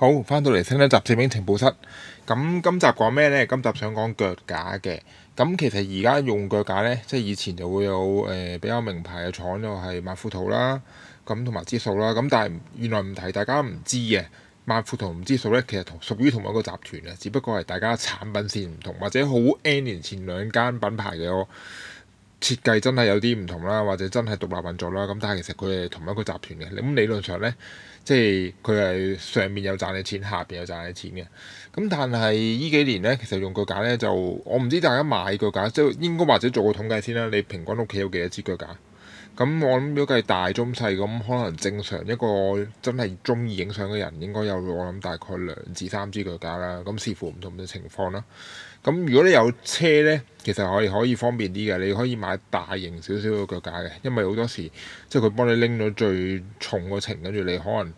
好，返到嚟新一集攝影情報室。咁今集講咩呢？今集想講腳架嘅。咁其實而家用腳架呢，即係以前就會有誒、呃、比較名牌嘅廠，就係萬富圖啦，咁同埋姿數啦。咁但係原來唔提，大家唔知嘅萬富圖同姿數呢，其實同屬於同一個集團嘅，只不過係大家產品線唔同，或者好 N 年前兩間品牌嘅、哦。設計真係有啲唔同啦，或者真係獨立運作啦，咁但係其實佢係同一個集團嘅。咁理論上呢，即係佢係上面有賺你錢，下邊有賺你錢嘅。咁但係呢幾年呢，其實用腳架呢，就，我唔知大家買腳架，即係應該或者做個統計先啦。你平均屋企有幾多支腳架？咁我諗如果計大中細，咁可能正常一個真係鍾意影相嘅人，應該有我諗大概兩至三支腳架啦。咁視乎唔同嘅情況啦。咁如果你有車咧，其實可以可以方便啲嘅，你可以買大型少少嘅腳架嘅，因為好多時即係佢幫你拎咗最重個程，跟住你可能誒、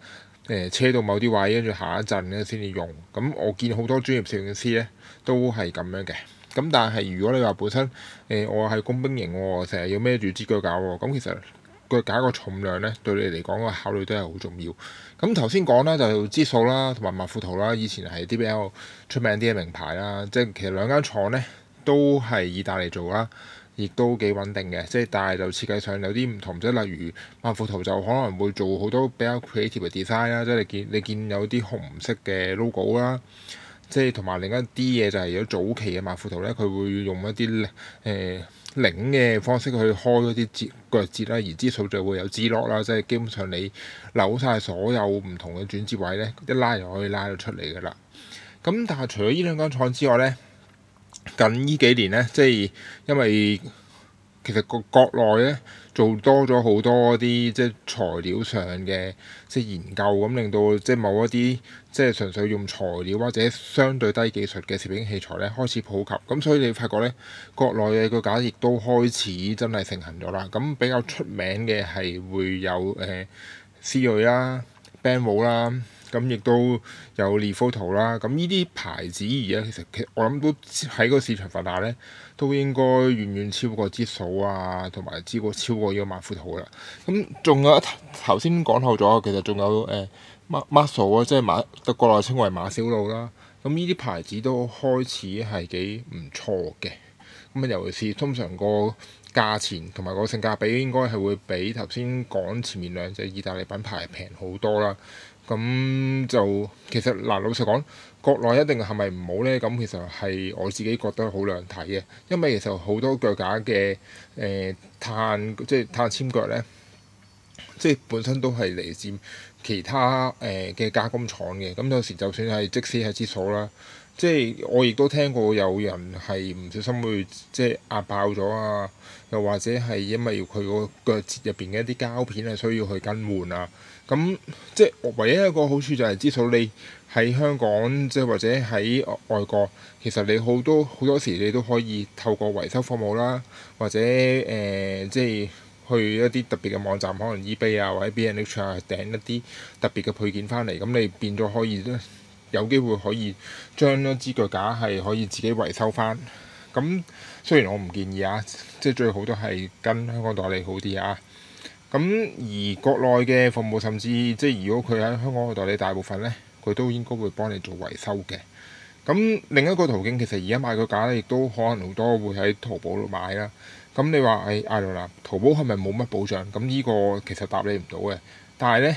呃、車到某啲位，跟住行一陣咧先至用。咁我見好多專業攝影師咧都係咁樣嘅。咁但係如果你話本身誒、呃、我係工兵型喎、哦，成日要孭住支腳架喎、哦，咁其實～腳架個重量咧，對你嚟講，這個考慮都係好重要。咁頭先講啦，就支數啦，同埋萬富圖啦，以前係啲比 l 出名啲嘅名牌啦，即係其實兩間廠咧都係意大利做啦，亦都幾穩定嘅。即係但係就設計上有啲唔同，即係例如萬富圖就可能會做好多比較 creative 嘅 design 啦，即你見你見有啲紅色嘅 logo 啦，即係同埋另一啲嘢就係有早期嘅萬富圖咧，佢會用一啲誒。呃擰嘅方式去開嗰啲節腳節啦，而之數就會有節落啦，ock, 即係基本上你扭晒所有唔同嘅轉折位咧，一拉就可以拉到出嚟噶啦。咁但係除咗呢兩間廠之外咧，近呢幾年咧，即係因為其實個國內咧做多咗好多啲即係材料上嘅即係研究咁，令到即係某一啲即係純粹用材料或者相對低技術嘅攝影器材咧開始普及。咁所以你發覺咧，國內嘅個架亦都開始真係盛行咗啦。咁比較出名嘅係會有誒思銳啦、Benro 啦。咁亦都有利福圖啦，咁呢啲牌子而家其實其實我諗都喺個市場份額咧，都應該遠遠超過芝數啊，同埋超過超過呢個萬富圖啦。咁仲有頭先講透咗，其實仲有誒、欸、馬馬索啊，即係馬德國啦，稱為馬小路啦。咁呢啲牌子都開始係幾唔錯嘅。咁啊，尤其是通常個價錢同埋個性價比，應該係會比頭先講前面兩隻意大利品牌平好多啦。咁就其實嗱，老實講，國內一定係咪唔好咧？咁其實係我自己覺得好兩睇嘅，因為其實好多腳架嘅誒、呃、碳，即係碳纖腳咧，即係本身都係嚟自其他誒嘅、呃、加工廠嘅。咁有時就算係即使係質素啦，即係我亦都聽過有人係唔小心會即係壓爆咗啊，又或者係因為佢個腳節入邊嘅一啲膠片係需要去更換啊。咁即係唯一一個好處就係知道你喺香港即係或者喺外國，其實你好多好多時你都可以透過維修服務啦，或者誒、呃、即係去一啲特別嘅網站，可能 eBay 啊或者 B&H 啊訂一啲特別嘅配件翻嚟，咁你變咗可以咧，有機會可以將嗰支腳架係可以自己維修翻。咁雖然我唔建議啊，即係最好都係跟香港代理好啲啊。咁而國內嘅服務，甚至即係如果佢喺香港嘅代理，大部分咧，佢都應該會幫你做維修嘅。咁另一個途徑，其實而家買個架咧，亦都可能好多會喺淘寶度買啦。咁你話誒阿羅南，哎、know，淘寶係咪冇乜保障？咁呢個其實答你唔到嘅。但係咧，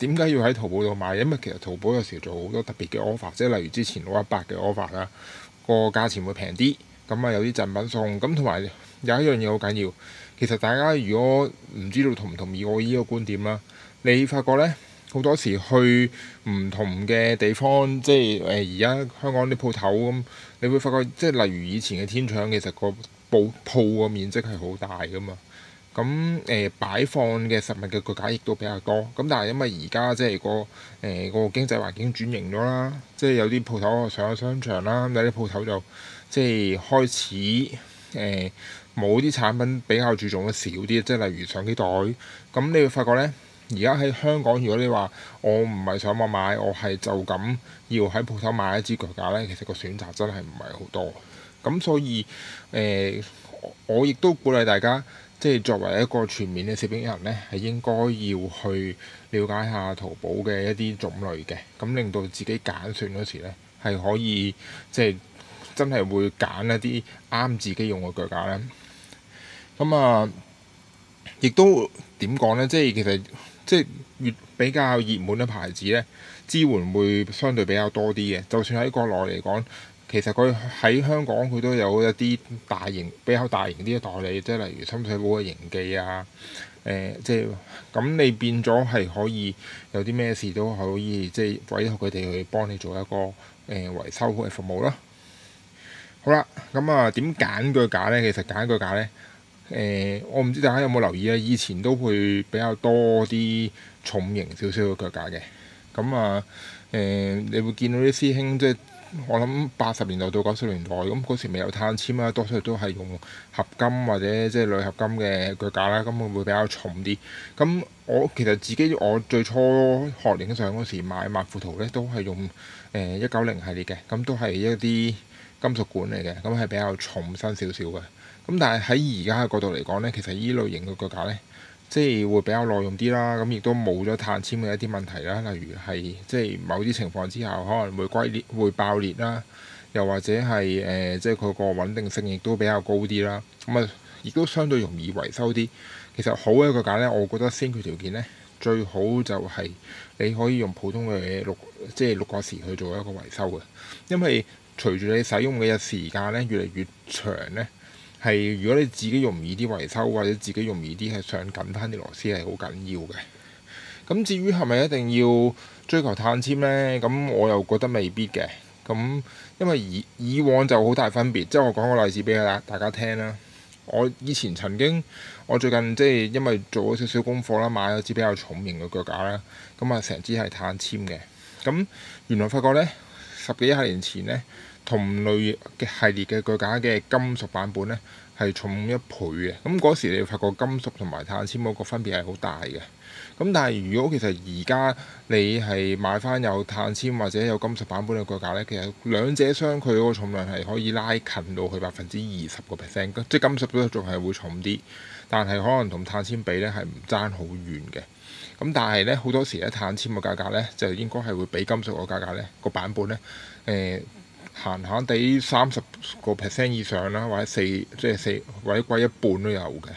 點解要喺淘寶度買？因為其實淘寶有時做好多特別嘅 offer，即係例如之前攞一百嘅 offer 啦，個價錢會平啲，咁啊有啲贈品送，咁同埋有一樣嘢好緊要。其實大家如果唔知道同唔同意我依個觀點啦，你發覺咧好多時去唔同嘅地方，即係誒而家香港啲鋪頭咁，你會發覺即係例如以前嘅天搶，其實個布鋪個面積係好大噶嘛。咁誒擺放嘅實物嘅個架亦都比較多。咁但係因為而家即係個誒個經濟環境轉型咗啦，即係、呃、有啲鋪頭上咗商場啦，有啲鋪頭就即係開始誒。呃冇啲產品比較注重嘅少啲，即係例如相機袋。咁你會發覺咧，而家喺香港，如果你話我唔係上網買，我係就咁要喺鋪頭買一支腳架咧，其實個選擇真係唔係好多。咁所以誒、呃，我亦都鼓勵大家，即係作為一個全面嘅攝影人咧，係應該要去了解下淘寶嘅一啲種類嘅，咁令到自己揀選嗰時咧，係可以即係真係會揀一啲啱自己用嘅腳架咧。咁啊，亦都點講呢？即係其實即係越比較熱門嘅牌子呢，支援會相對比較多啲嘅。就算喺國內嚟講，其實佢喺香港佢都有一啲大型比較大型啲嘅代理，即係例如深水埗嘅營記啊。誒、呃，即係咁你變咗係可以有啲咩事都可以即係委託佢哋去幫你做一個誒維、呃、修嘅服務啦。好啦，咁啊點揀腳架呢？其實揀腳架呢。誒、嗯，我唔知大家有冇留意啊？以前都會比較多啲重型少少嘅腳架嘅，咁、嗯、啊，誒、嗯，你會見到啲師兄，即係我諗八十年代到九十年代，咁嗰時未有碳纖啊，多數都係用合金或者即係鋁合金嘅腳架啦，咁會唔會比較重啲。咁我其實自己我最初學影相嗰時買曼富圖咧，都係用誒一九零系列嘅，咁都係一啲，金屬管嚟嘅，咁係比較重身少少嘅。咁但係喺而家嘅角度嚟講咧，其實依類型嘅腳架咧，即係會比較耐用啲啦。咁亦都冇咗碳纖嘅一啲問題啦。例如係即係某啲情況之下，可能會龜裂、會爆裂啦。又或者係誒、呃，即係佢個穩定性亦都比較高啲啦。咁啊，亦都相對容易維修啲。其實好嘅腳架咧，我覺得先決條件咧，最好就係你可以用普通嘅六即係六個時去做一個維修嘅，因為。隨住你使用嘅時間咧，越嚟越長呢，係如果你自己容易啲維修，或者自己容易啲係上緊翻啲螺絲係好緊要嘅。咁至於係咪一定要追求碳纖呢？咁我又覺得未必嘅。咁因為以以往就好大分別，即係我講個例子俾大家聽啦。我以前曾經，我最近即係因為做咗少少功課啦，買咗支比較重型嘅腳架啦，咁啊成支係碳纖嘅。咁原來發覺呢，十幾廿年前呢。同類嘅系列嘅腳架嘅金屬版本呢，係重一倍嘅。咁嗰時你會發覺金屬同埋碳纖嗰個分別係好大嘅。咁但係如果其實而家你係買翻有碳纖或者有金屬版本嘅腳架呢，其實兩者相距嗰個重量係可以拉近到去百分之二十個 percent。即係金屬都仲係會重啲，但係可能同碳纖比呢，係唔爭好遠嘅。咁但係呢，好多時呢，碳纖個價格呢，就應該係會比金屬個價格呢、呢個版本呢。誒、呃。閒閒地三十個 percent 以上啦，或者四，即係四或者貴一半都有嘅，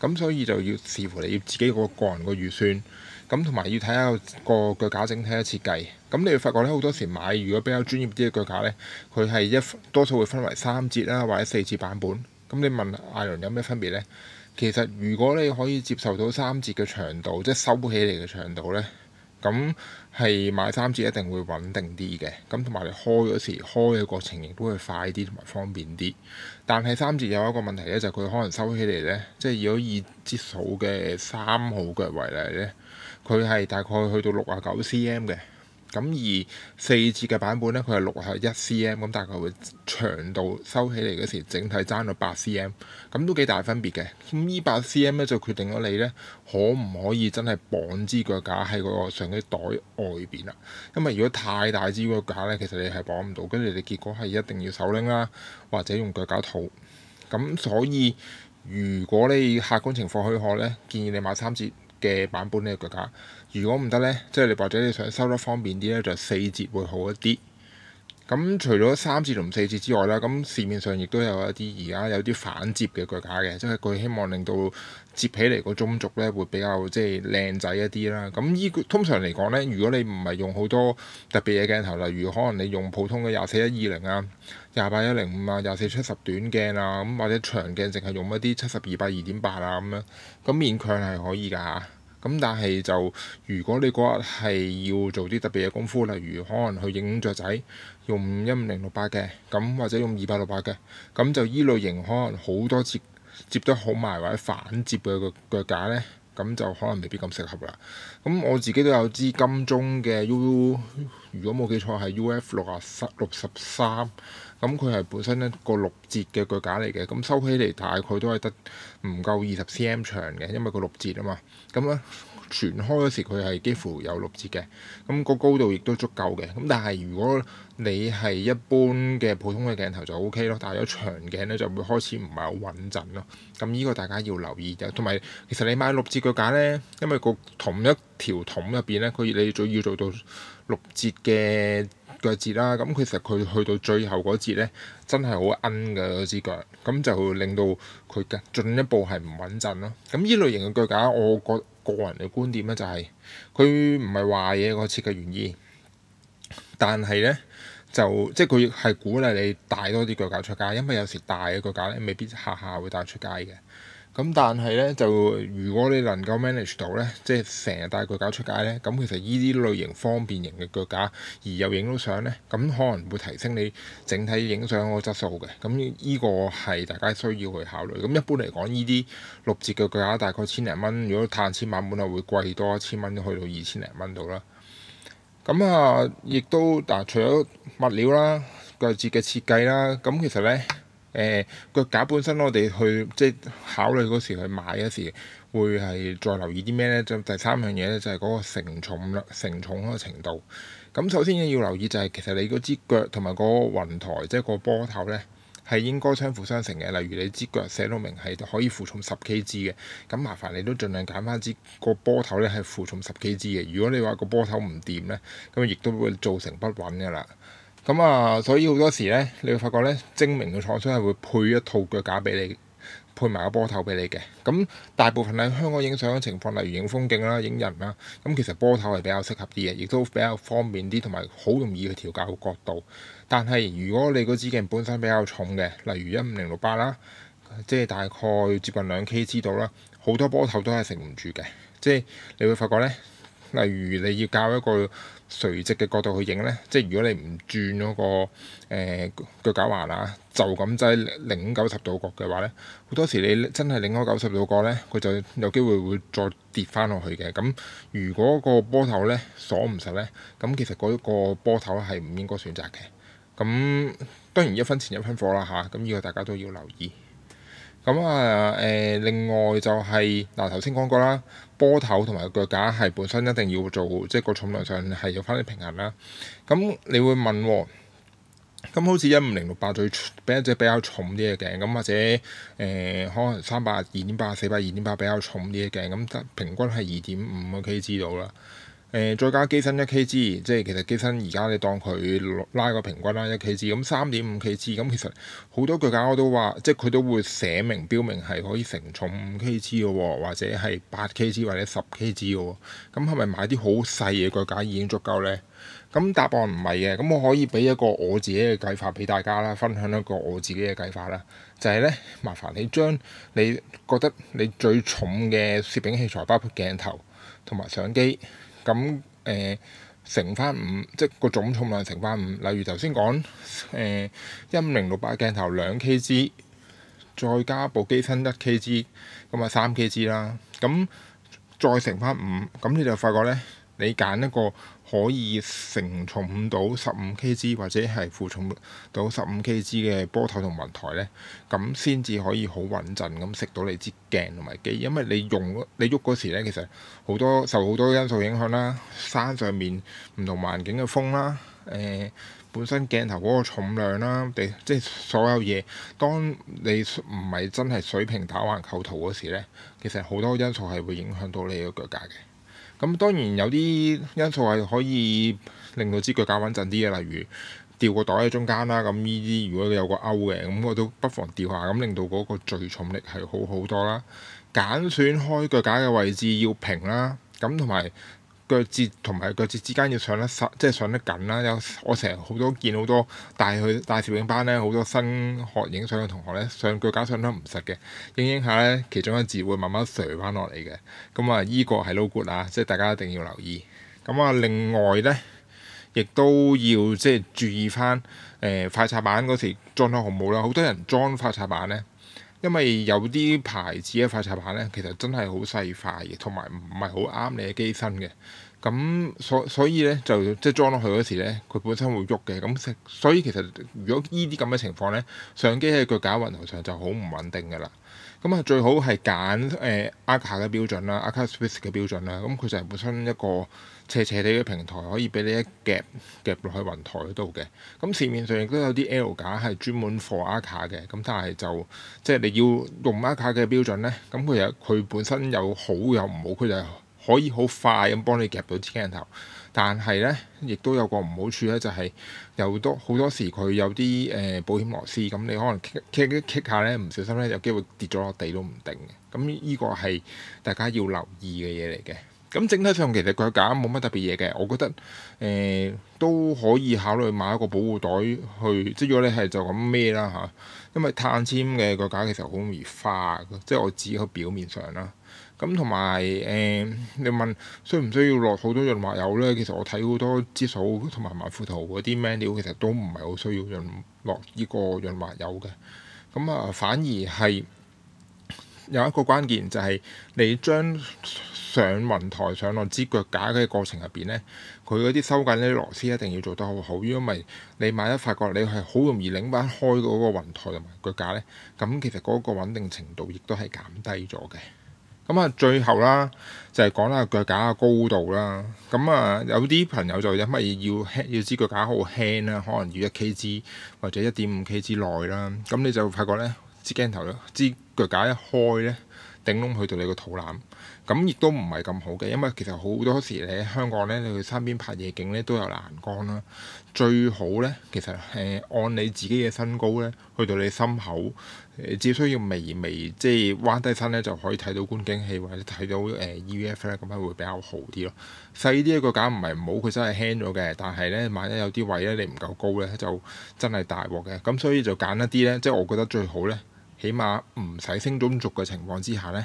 咁所以就要視乎你要自己個個人個預算，咁同埋要睇下個腳架整體嘅設計。咁你會發覺咧，好多時買如果比較專業啲嘅腳架咧，佢係一多數會分為三節啦，或者四節版本。咁你問艾倫有咩分別咧？其實如果你可以接受到三節嘅長度，即係收起嚟嘅長度咧。咁係、嗯、買三折一定會穩定啲嘅，咁同埋你開嗰時開嘅過程亦都會快啲同埋方便啲。但係三折有一個問題咧，就係、是、佢可能收起嚟咧，即係如果以折數嘅三號腳為例咧，佢係大概去到六啊九 cm 嘅。咁而四節嘅版本咧，佢係六合一 cm，咁但係佢會長度收起嚟嗰時，整體爭到八 cm，咁都幾大分別嘅。咁呢八 cm 咧就決定咗你咧可唔可以真係綁支腳架喺個相機袋外邊啦。因為如果太大支腳架咧，其實你係綁唔到，跟住你結果係一定要手拎啦，或者用腳架套。咁所以如果你客觀情況許可咧，建議你買三節嘅版本呢個腳架。如果唔得咧，即係你或者你想收得方便啲咧，就四折會好一啲。咁除咗三折同四折之外啦，咁市面上亦都有一啲而家有啲反折嘅腳架嘅，即係佢希望令到折起嚟個中軸咧會比較即係靚仔一啲啦。咁依個通常嚟講咧，如果你唔係用好多特別嘅鏡頭，例如可能你用普通嘅廿四一二零啊、廿八一零五啊、廿四七十短鏡啊，咁或者長鏡淨係用一啲七十二百二點八啊咁樣，咁勉強係可以㗎嚇。咁但係就如果你嗰日係要做啲特別嘅功夫，例如可能去影雀仔，用一五零六八嘅，咁或者用二八六八嘅，咁就依類型可能好多摺摺得好埋或者反摺嘅腳腳架咧。咁就可能未必咁適合啦。咁我自己都有支金鐘嘅 U, U，如果冇記錯係 U F 六啊六十三。咁佢係本身一個六節嘅腳架嚟嘅。咁收起嚟大概都係得唔夠二十 CM 長嘅，因為個六節啊嘛。咁咧。全開嗰時佢係幾乎有六節嘅，咁個高度亦都足夠嘅。咁但係如果你係一般嘅普通嘅鏡頭就 O K 咯，但係如果長鏡咧就會開始唔係好穩陣咯。咁依個大家要留意，就同埋其實你買六節腳架咧，因為個同一條筒入邊咧，佢你仲要做到六節嘅。腳節啦，咁其實佢去到最後嗰節咧，真係好奀㗎嗰支腳，咁就會令到佢嘅進一步係唔穩陣咯。咁依類型嘅腳架，我個個人嘅觀點咧就係，佢唔係壞嘢，個設計原意，但係咧就即係佢係鼓勵你帶多啲腳架出街，因為有時大嘅腳架咧未必下下會帶出街嘅。咁但係咧，就如果你能夠 manage 到咧，即係成日帶腳架出街咧，咁其實依啲類型方便型嘅腳架，而又影到相咧，咁可能會提升你整體影相個質素嘅。咁依個係大家需要去考慮。咁一般嚟講，依啲六節嘅腳架大概千零蚊。如果碳纖版本啊，會貴多一千蚊，去到二千零蚊度啦。咁啊，亦都嗱、啊，除咗物料啦、腳節嘅設計啦，咁其實咧～誒個、呃、架本身我，我哋去即係考慮嗰時去買嗰時，會係再留意啲咩咧？就第三樣嘢咧，就係嗰個承重啦，承重嗰個程度。咁首先要留意就係、是，其實你嗰支腳同埋個雲台，即係個波頭咧，係應該相輔相成嘅。例如你支腳寫到明係可以負重十 KG 嘅，咁麻煩你都盡量揀翻支、那個波頭咧係負重十 KG 嘅。如果你話個波頭唔掂咧，咁亦都會造成不穩嘅啦。咁啊，所以好多時咧，你會發覺咧，精明嘅廠商係會配一套腳架俾你，配埋個波頭俾你嘅。咁大部分喺香港影相嘅情況，例如影風景啦、啊、影人啦、啊，咁其實波頭係比較適合啲嘅，亦都比較方便啲，同埋好容易去調校個角度。但係如果你嗰支鏡本身比較重嘅，例如一五零六八啦，即係大概接近兩 K 之度啦，好多波頭都係承唔住嘅，即係你會發覺咧。例如你要較一個垂直嘅角度去影呢，即係如果你唔轉嗰個誒、呃、腳架環啊，就咁制擰九十度角嘅話呢，好多時你真係擰開九十度角呢，佢就有機會會再跌翻落去嘅。咁如果個波頭呢，鎖唔實呢，咁其實嗰個波頭係唔應該選擇嘅。咁當然一分錢一分貨啦，嚇咁呢個大家都要留意。咁啊誒，另外就係、是、嗱，頭先講過啦，波頭同埋腳架係本身一定要做，即係個重量上係要翻啲平衡啦。咁你會問，咁、哦、好似一五零六八最，俾一隻比較重啲嘅鏡，咁或者誒、呃、可能三百二點八、四百二點八比較重啲嘅鏡，咁平均係二點五個 K 知道啦。誒再加機身一 Kg，即係其實機身而家你當佢拉個平均啦，一 Kg 咁三點五 Kg 咁。其實好多腳架我都話，即係佢都會寫明標明係可以承重五 Kg 嘅、喎、或者係八 Kg 或者十 Kg 嘅喎。咁係咪買啲好細嘅腳架已經足夠呢？咁答案唔係嘅。咁我可以俾一個我自己嘅計法俾大家啦，分享一個我自己嘅計法啦，就係、是、呢，麻煩你將你覺得你最重嘅攝影器材，包括鏡頭同埋相機。咁誒、呃、乘翻五，即係個總重量乘翻五。例如、呃、頭先講誒一五零六八鏡頭兩 Kg，再加部機身一 Kg，咁啊三 Kg 啦。咁再乘翻五，咁你就發覺咧，你揀一個可以承重到十五 Kg 或者係負重到十五 Kg 嘅波頭同雲台咧，咁先至可以好穩陣咁食到你支鏡同埋機，因為你用你喐嗰時咧，其實好多受好多因素影響啦，山上面唔同環境嘅風啦，誒、呃、本身鏡頭嗰個重量啦，地即係所有嘢，當你唔係真係水平打橫構圖嗰時咧，其實好多因素係會影響到你個腳架嘅。咁當然有啲因素係可以令到支腳架穩陣啲嘅，例如吊個袋喺中間啦。咁呢啲如果你有個勾嘅，咁我都不妨吊下，咁令到嗰個聚重力係好好多啦。揀選開腳架嘅位置要平啦，咁同埋。腳趾同埋腳趾之間要上得實，即係上得緊啦。有我成日好多見好多帶去帶攝影班咧，好多新學影相嘅同學咧，上腳架上都唔實嘅，影影下咧，其中一字會慢慢垂翻落嚟嘅。咁啊，依個係 no good 啦，即係大家一定要留意。咁啊，另外咧亦都要即係注意翻誒快拆板嗰時裝好唔好啦。好多人裝快拆板咧。因為有啲牌子嘅快拆板咧，其實真係好細塊嘅，同埋唔係好啱你嘅機身嘅。咁所所以咧就即係裝落去嗰時咧，佢本身會喐嘅。咁食所以其實如果依啲咁嘅情況咧，相機喺腳架嘅雲台上就好唔穩定㗎啦。咁啊，最好係揀誒 Arca 嘅標準啦，Arca Swiss 嘅標準啦。咁佢就係本身一個斜斜地嘅平台，可以俾你一夾夾落去雲台嗰度嘅。咁市面上亦都有啲 L 架係專門 for Arca 嘅，咁但係就即係你要用 Arca 嘅標準咧，咁佢又佢本身有好有唔好，佢就是。可以好快咁幫你夾到支鏡頭，但係咧亦都有個唔好處咧，就係、是、有多好多時佢有啲誒、呃、保險螺絲，咁你可能夾一夾下咧，唔小心咧有機會跌咗落地都唔定嘅。咁依個係大家要留意嘅嘢嚟嘅。咁整體上其實腳架冇乜特別嘢嘅，我覺得誒、呃、都可以考慮買一個保護袋去。即如果你係就咁孭啦嚇，因為碳纖嘅腳架其實好容易花，即我自己表面上啦。咁同埋誒，你問需唔需要落好多潤滑油咧？其實我睇好多支數同埋埋附圖嗰啲 manual 其實都唔係好需要潤落呢個潤滑油嘅。咁啊，反而係有一個關鍵就係、是、你將上雲台上落支腳架嘅過程入邊咧，佢嗰啲收緊啲螺絲一定要做得好好，因為你萬一發覺你係好容易擰翻開嗰個雲台同埋腳架咧，咁其實嗰個穩定程度亦都係減低咗嘅。咁啊，最後啦，就係講下腳架嘅高度啦。咁啊，有啲朋友就因為要輕，要知腳架好輕啦，可能要一 KG 或者一點五 KG 之內啦。咁你就會發覺咧，支鏡頭咧，支腳架一開咧，頂窿去到你個肚腩，咁亦都唔係咁好嘅。因為其實好多時你喺香港咧，你去山邊拍夜景咧都有欄杆啦。最好咧，其實係按你自己嘅身高咧，去到你心口。誒只需要微微即係彎低身咧，就可以睇到觀景器或者睇到誒 EVF 咧，咁樣會比較好啲咯。細啲一個揀唔係唔好，佢真係輕咗嘅。但係咧，萬一有啲位咧，你唔夠高咧，就真係大鑊嘅。咁所以就揀一啲咧，即係我覺得最好咧。起碼唔使升中軸嘅情況之下呢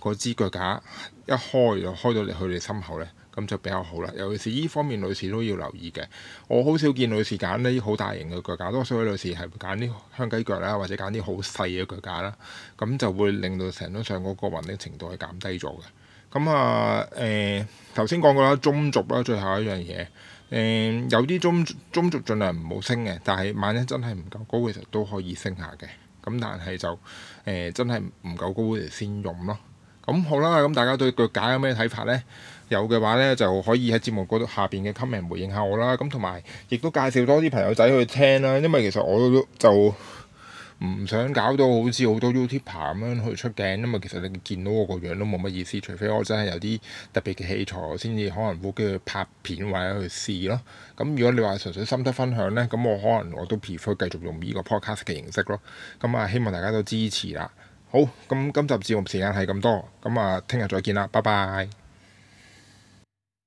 個支腳架一開就開,開到嚟佢哋心口呢咁就比較好啦。尤其是依方面，女士都要留意嘅。我好少見女士揀啲好大型嘅腳架，多數女士係揀啲香雞腳啦，或者揀啲好細嘅腳架啦，咁就會令到成張相嗰個穩定程度係減低咗嘅。咁啊，誒頭先講過啦，中軸啦，最後一樣嘢誒，有啲中中軸盡量唔好升嘅，但係萬一真係唔夠高嘅時候都可以升下嘅。咁但係就誒、呃、真係唔夠高先用咯。咁、嗯、好啦，咁、嗯、大家對腳架有咩睇法呢？有嘅話呢，就可以喺節目嗰度下邊嘅 comment 回應下我啦。咁同埋亦都介紹多啲朋友仔去聽啦。因為其實我都就～唔想搞到好似好多 YouTuber 咁樣去出鏡，因為其實你見到我個樣都冇乜意思。除非我真係有啲特別嘅器材，先至可能會繼續拍片或者去試咯。咁如果你話純粹心得分享咧，咁我可能我都 prefer 繼續用呢個 podcast 嘅形式咯。咁啊，希望大家都支持啦。好，咁今集節目時間係咁多，咁啊，聽日再見啦，拜拜。